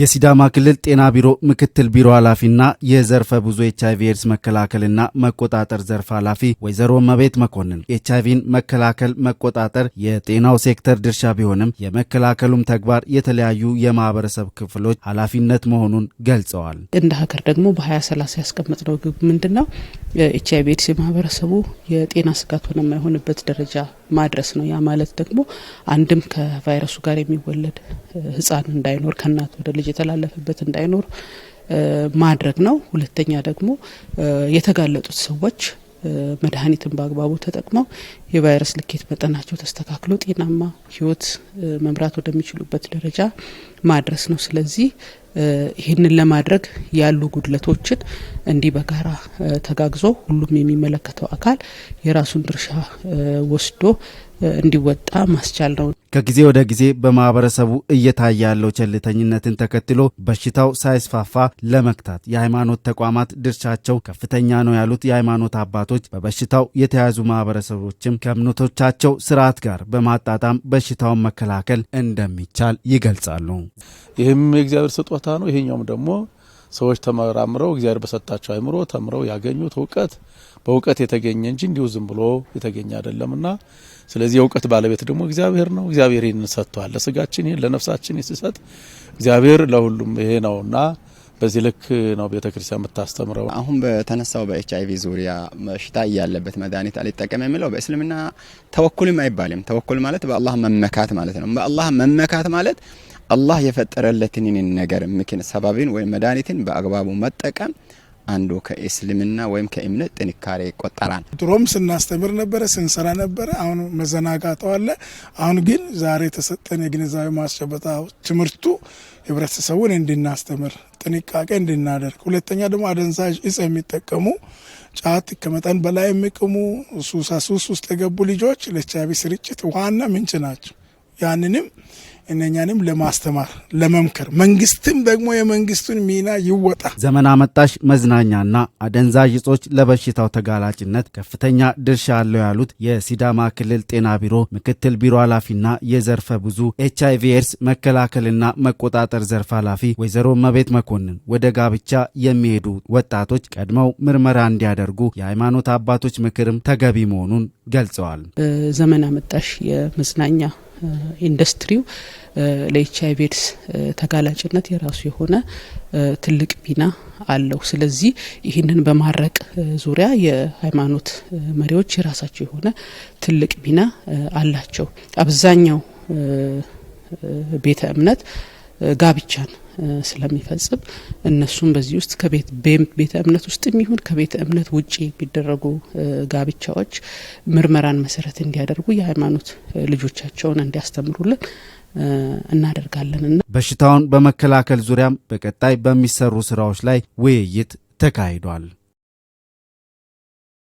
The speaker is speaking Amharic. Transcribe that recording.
የሲዳማ ክልል ጤና ቢሮ ምክትል ቢሮ ኃላፊና የዘርፈ ብዙ ኤች አይቪ ኤድስ መከላከልና መቆጣጠር ዘርፍ ኃላፊ ወይዘሮ መቤት መኮንን ኤች አይቪን መከላከል መቆጣጠር የጤናው ሴክተር ድርሻ ቢሆንም የመከላከሉም ተግባር የተለያዩ የማህበረሰብ ክፍሎች ኃላፊነት መሆኑን ገልጸዋል። እንደ ሀገር ደግሞ በ2030 ያስቀመጥነው ግብ ምንድን ነው? ኤች አይቪ ኤድስ የማህበረሰቡ የጤና ስጋት ሆነ የማይሆንበት ደረጃ ማድረስ ነው። ያ ማለት ደግሞ አንድም ከቫይረሱ ጋር የሚወለድ ህጻን እንዳይኖር ከእናት ወደ ልጅ የተላለፈበት እንዳይኖር ማድረግ ነው። ሁለተኛ ደግሞ የተጋለጡት ሰዎች መድኃኒትን በአግባቡ ተጠቅመው የቫይረስ ልኬት መጠናቸው ተስተካክሎ ጤናማ ህይወት መምራት ወደሚችሉበት ደረጃ ማድረስ ነው። ስለዚህ ይህንን ለማድረግ ያሉ ጉድለቶችን እንዲህ በጋራ ተጋግዞ ሁሉም የሚመለከተው አካል የራሱን ድርሻ ወስዶ እንዲወጣ ማስቻል ነው። ከጊዜ ወደ ጊዜ በማህበረሰቡ እየታየ ያለው ቸልተኝነትን ተከትሎ በሽታው ሳይስፋፋ ለመግታት የሃይማኖት ተቋማት ድርሻቸው ከፍተኛ ነው ያሉት የሃይማኖት አባቶች በበሽታው የተያዙ ማህበረሰቦችም ከእምነቶቻቸው ስርዓት ጋር በማጣጣም በሽታውን መከላከል እንደሚቻል ይገልጻሉ። ይህም የእግዚአብሔር ስጦታ ጸጥታ ነው። ይሄኛውም ደግሞ ሰዎች ተመራምረው እግዚአብሔር በሰጣቸው አይምሮ ተምረው ያገኙት እውቀት በእውቀት የተገኘ እንጂ እንዲሁ ዝም ብሎ የተገኘ አይደለምና ስለዚህ የእውቀት ባለቤት ደግሞ እግዚአብሔር ነው። እግዚአብሔር ይህን ሰጥቷል። ለስጋችን ይህን ለነፍሳችን ሲሰጥ እግዚአብሔር ለሁሉም ይሄ ነውና በዚህ ልክ ነው ቤተ ክርስቲያን የምታስተምረው። አሁን በተነሳው በኤች አይቪ ዙሪያ በሽታ እያለበት መድኃኒት አልጠቀም የሚለው በእስልምና ተወኩልም አይባልም። ተወኩል ማለት በአላህ መመካት ማለት ነው። በአላህ መመካት ማለት አላህ የፈጠረለትን ነገር ምክን ሰባብን ወይም መድኃኒትን በአግባቡ መጠቀም አንዱ ከእስልምና ወይም ከእምነት ጥንካሬ ይቆጠራል። ድሮም ስናስተምር ነበረ፣ ስንሰራ ነበረ። አሁን መዘናጋት አለ። አሁን ግን ዛሬ የተሰጠን የግንዛቤ ማስጨበጫ ትምህርቱ ህብረተሰቡን እንድናስተምር ጥንቃቄ እንድናደርግ፣ ሁለተኛ ደግሞ አደንዛዥ እጽ የሚጠቀሙ ጫት ከመጠን በላይ የሚቅሙ ሱሳሱስ ውስጥ የገቡ ልጆች ለኤች አይ ቪ ስርጭት ዋና ምንጭ ናቸው። ያንንም እነኛንም ለማስተማር ለመምከር መንግስትም ደግሞ የመንግስቱን ሚና ይወጣ። ዘመን አመጣሽ መዝናኛና አደንዛዥ እጾች ለበሽታው ተጋላጭነት ከፍተኛ ድርሻ አለው ያሉት የሲዳማ ክልል ጤና ቢሮ ምክትል ቢሮ ኃላፊና የዘርፈ ብዙ ኤች አይቪ ኤድስ መከላከልና መቆጣጠር ዘርፍ ኃላፊ ወይዘሮ መቤት መኮንን ወደ ጋብቻ የሚሄዱ ወጣቶች ቀድመው ምርመራ እንዲያደርጉ የሃይማኖት አባቶች ምክርም ተገቢ መሆኑን ገልጸዋል። ዘመን አመጣሽ የመዝናኛ ኢንዱስትሪው ለኤች አይቪ ኤድስ ተጋላጭነት የራሱ የሆነ ትልቅ ሚና አለው። ስለዚህ ይህንን በማድረቅ ዙሪያ የሃይማኖት መሪዎች የራሳቸው የሆነ ትልቅ ሚና አላቸው። አብዛኛው ቤተ እምነት ጋብቻን ስለሚፈጽም እነሱም በዚህ ውስጥ ከቤት ቤተ እምነት ውስጥ የሚሆን ከቤተ እምነት ውጭ የሚደረጉ ጋብቻዎች ምርመራን መሰረት እንዲያደርጉ የሃይማኖት ልጆቻቸውን እንዲያስተምሩልን እናደርጋለንና በሽታውን በመከላከል ዙሪያም በቀጣይ በሚሰሩ ስራዎች ላይ ውይይት ተካሂዷል።